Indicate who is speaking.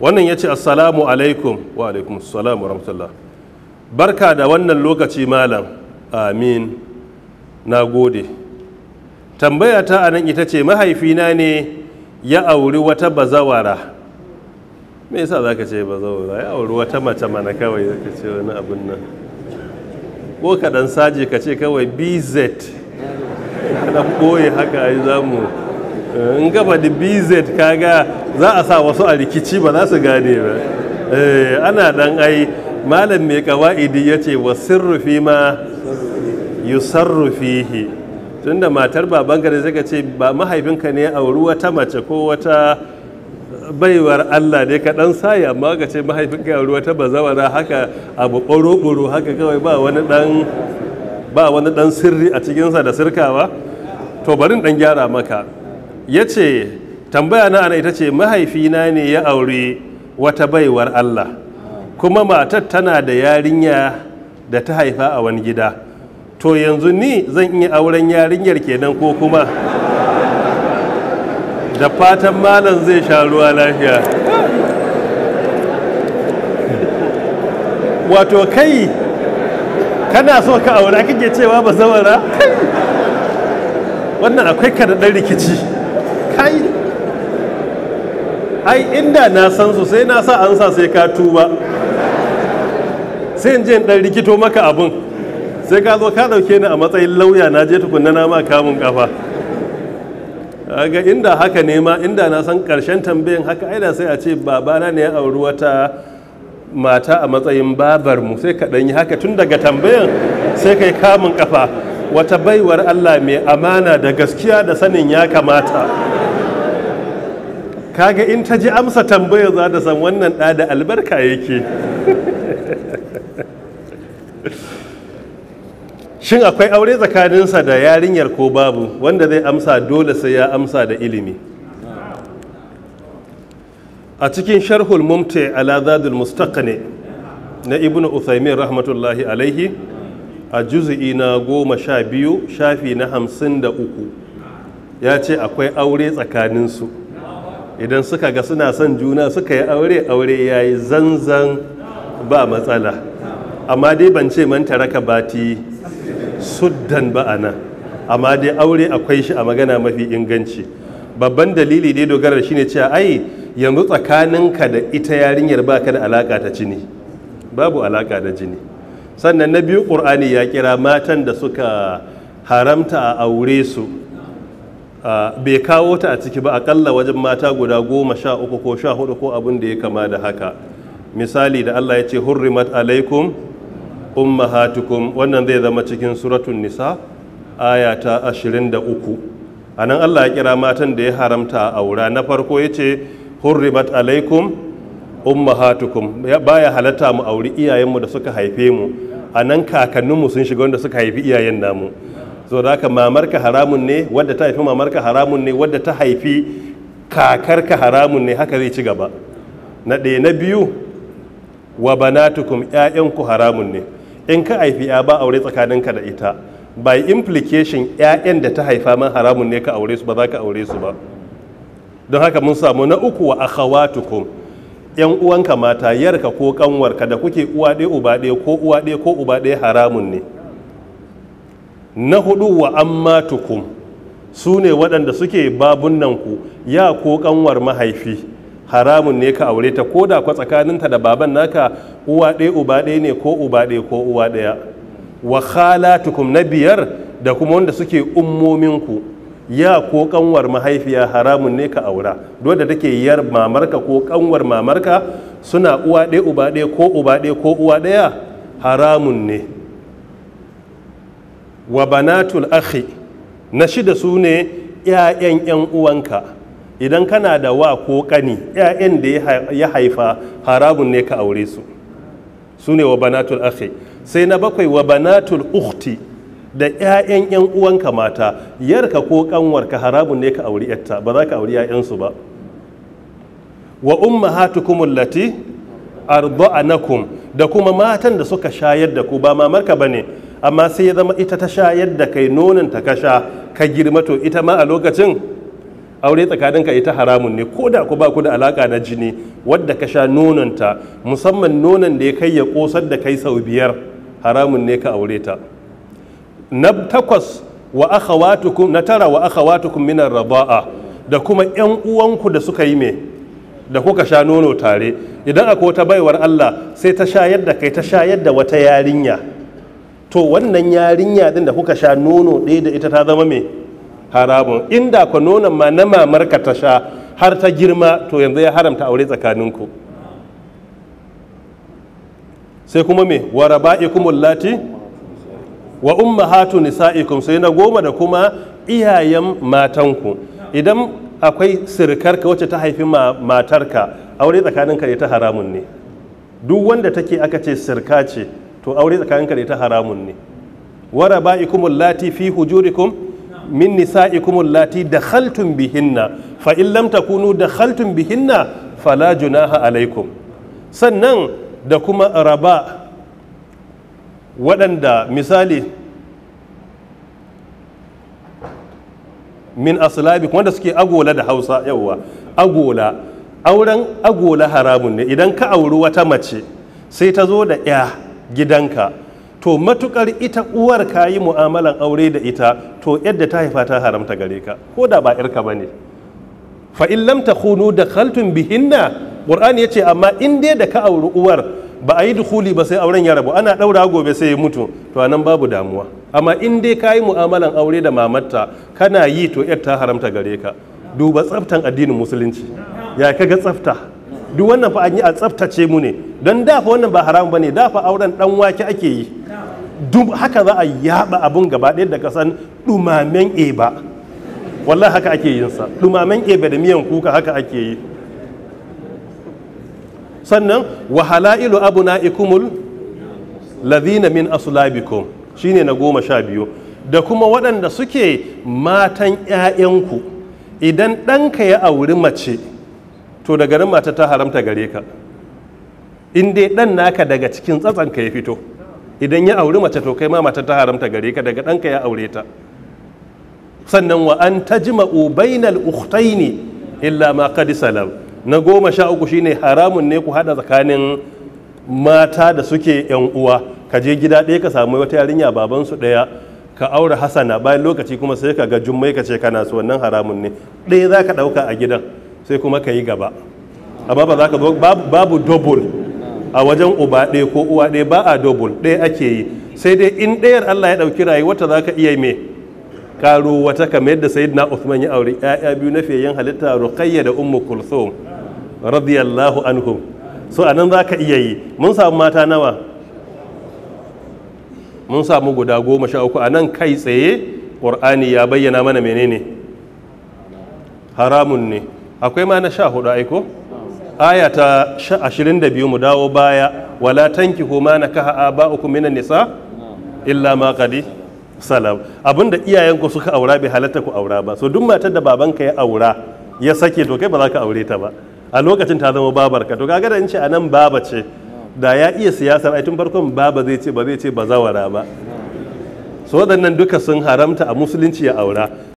Speaker 1: wannan ya ce assalamu alaikum wa alaikum assalamu rahmatullah barka da wannan lokaci malam amin na gode tambaya ta anan ita ce mahaifina ne ya auri wata bazawara me yasa za ka ce bazawara ya auri wata mace mana kawai za ka ce wani abin nan ko ka dan saje ka ce kawai bz ka dan boye haka ai zamu Eh, in gaba da bz kaga za a sa wasu a rikici ba za su gane ba eh, ana dan ai malam mai kawa'idi ya ce wa sirrufi ma tun tunda matar baban gari zaka ce ba mahaifinka ne a wuri wata mace ko wata baiwar Allah ne ka dan sayi amma ka ce mahaifinka a wuri wata bazawara haka abu ɓoro-ɓoro haka kawai wani dan ba wani dan sirri a cikinsa da sirkawa to barin dan gyara maka ya ce tambaya na ana ita ce mahaifina ne ya aure wata baiwar Allah kuma matar tana da yarinya da ta haifa a wani gida to yanzu ni zan iya auren yarinyar kenan ko kuma da fatan malam zai sha ruwa lafiya wato kai kana so ka aure kake cewa ba zawara wannan akwai ka rikici ai ai inda na san su sai na sa an sa sai ka tuba sai je dan rikito maka abun sai ka zo ka dauke ni a matsayin lauya na je tukunna na ma kamun kafa ga inda haka ne ma inda na san karshen tambayin haka ai da sai a ce babana ne ya auri wata mata a matsayin babar mu sai ka dan yi haka tun daga tambayan sai kai kamun kafa wata baiwar Allah mai amana da gaskiya da sanin ya kamata kaga in ta ji amsa tambayar za ta san wannan ɗa da albarka yake shin akwai aure tsakaninsa da yarinyar ko babu wanda zai amsa dole sai ya amsa da ilimi a cikin sharhul mumte ala zadul mustaqni na Ibnu uthaymin rahmatullahi alaihi a juzu'i na goma sha biyu shafi na hamsin da uku ya ce akwai aure tsakaninsu idan suka ga suna son juna suka yi aure aure ya yi zanzan ba matsala amma dai ban ce manta raka bati suddan ba a nan amma dai aure akwai shi a magana mafi inganci babban dalili dai dogara shine cewa ai yanzu tsakaninka da ita yarinyar ka da alaka ta jini babu alaka da jini sannan na biyu ƙur'ani ya kira matan da suka haramta a aure su bai kawo ta a ciki ba akalla wajen mata guda goma sha uku ko sha hudu ko abin da ya kama da haka misali da Allah ya ce hurrimat alaikum ummahatukum wannan zai zama cikin suratun nisa aya ta A nan Allah ya kira matan da ya haramta a aura na farko ya ce hurrimat alaikum ummahatukum baya halatta mu auri iyayenmu da suka haife mu A nan kakanninmu sun shiga wanda suka haifi iyayen namu so da haka mamarka haramun ne wadda ta haifi mamarka haramun ne wadda ta haifi kakarka haramun ne haka zai ci gaba na ɗaya na biyu wa banatukum ku haramun ne in ka haifi ya ba aure tsakaninka da ita by implication ƴaƴan da ta haifa man haramun ne ka aure su ba za ka aure su ba don haka mun samu na uku wa akhawatukum yan uwanka mata yarka ko kanwarka da kuke uwa ɗaya uba ɗaya ko uwa ɗaya ko uba ɗaya haramun ne na hudu wa amma tukum su ne waɗanda suke nan ku ya ko kanwar mahaifi haramun ne ka aure ta ko da kwa tsakaninta da baban naka uwa ɗaya uba ɗaya ne ko uba ɗaya ko uwa ɗaya wa khalatukum na biyar da kuma wanda suke ummominku ya ko kanwar mahaifiya haramun ne ka aura dole take yar mamarka ko kanwar mamarka suna uwa ɗaya uba ɗaya ko uba ɗaya ko uwa ɗaya haramun ne wa banatul akhi na shida su ne 'ya'yan 'yan uwanka idan kana da wa ko kani 'ya'yan da ya haifa harabun ne ka aure su su ne wa banatul akhi sai na bakwai wa banatul ukhti da 'ya'yan 'yan uwanka mata yarka ko kanwarka harabun ne ka aure yatta ba za ka aure yayan su ba wa ummahatukum allati arda'anakum da kuma matan da suka shayar da ku ba mamarka bane amma sai ya zama ita ta sha yadda kai nonon ta ka sha ka girma to ita ma a lokacin aure tsakaninka ita haramun ne ko da ku ba ku da alaka na jini wadda ka sha nonin ta musamman nonon da ya kai ya kosar da kai sau biyar haramun ne ka aure ta na takwas wa akhawatukum na tara wa akhawatukum min ar Rabaa da kuma ƴan uwanku da suka yi me da kuka sha nono tare idan akwai wata baiwar Allah sai ta sha yadda kai ta sha yadda wata yarinya to wannan yarinya din da kuka sha nono ɗaya da ita ta zama mai haramun inda ku nonon ma na mamarka ta sha har ta girma to yanzu ya haramta aure tsakaninku sai kuma me wa kuma allati wa ummahatu nisa'ikum sai na goma da kuma iyayen matanku idan akwai sirkarka wacce ta haifi matarka aure tsakaninka ne ta haramun ne duk wanda take aka ce sirka ce to aure tsakaninka da ita haramun ne wara ba ikumul lati fi hujurikum min nisa'ikumul lati dakhaltum bihinna fa in lam takunu dakhaltum bihinna fala junaha alaikum sannan da kuma raba waɗanda misali min aslabi wanda suke agola da hausa yawa agola auren agola haramun ne idan ka auri wata mace sai ta zo da 'ya gidanka to matukar ita uwar ka yi mu'amalan aure da ita to yadda ta haifa ta haramta gare ka ko da ba yarka bane fa in kunu da dakhaltum bihinna ya ce amma in dai da ka auri uwar ba a yi dukuli ba sai auren ya rabu ana daura gobe sai ya mutu to anan babu damuwa amma in dai ka yi mu'amalan aure da mamatta kana yi to yadda ta haramta gare ka duba tsaftan addinin musulunci ya kaga tsafta duk wannan fa an a tsaftace mu ne don dafa wannan ba haram bane dafa auren dan wake ake yi duk haka za a yaba abun gaba ɗaya da kasan dumamen eba wallahi haka ake yin sa dumamen eba da miyan kuka haka ake yi sannan wa halailu abunaikumul ladina min aslabikum shine na goma sha biyu da kuma waɗanda suke matan 'ya'yanku idan ɗanka ya auri mace to da garin mata ta haramta gare ka in dai ɗan naka daga cikin tsatsanka ya fito idan ya auri mace to kai ma mata ta haramta gare ka daga ɗanka ya aure ta sannan wa an ta ubainal bainal ukhtaini illa ma kadi salam na goma sha uku shine haramun ne ku haɗa tsakanin mata da suke yan uwa ka je gida ɗaya ka samu wata yarinya babansu ɗaya ka aure hasana bayan lokaci kuma sai ka ga jummai ka ce kana su wannan haramun ne ɗaya za ka ɗauka a gidan sai kuma ka yi gaba amma ba za ka zo babu double a wajen uba ɗaya ko uwa ɗaya ba a double ɗaya ake yi sai dai in ɗayar Allah ya ɗauki rayu wata za ka iya me karo wata kamar yadda na usman ya aure yaya biyu na fiyayen halitta Ruqayya da Ummu Kulthum radiyallahu anhum so anan za ka iya yi mun samu mata nawa mun samu guda goma sha uku a nan kai tsaye ƙur'ani ya bayyana mana menene haramun ne akwai ma na sha hudu aiko aya ta ashirin da biyu mu dawo baya wala tanki ma na kaha a ba uku minan nisa illa ma kadi salam abinda iyayenku suka aura bai halatta ku aura ba so duk matar da babanka ya aura ya sake to kai ba za ka aure ta ba a lokacin ta zama babarka to kaga da in ce anan baba ce da ya iya siyasar ai tun farkon baba zai ce ba zai ce ba zawara ba so waɗannan duka sun haramta a musulunci ya aura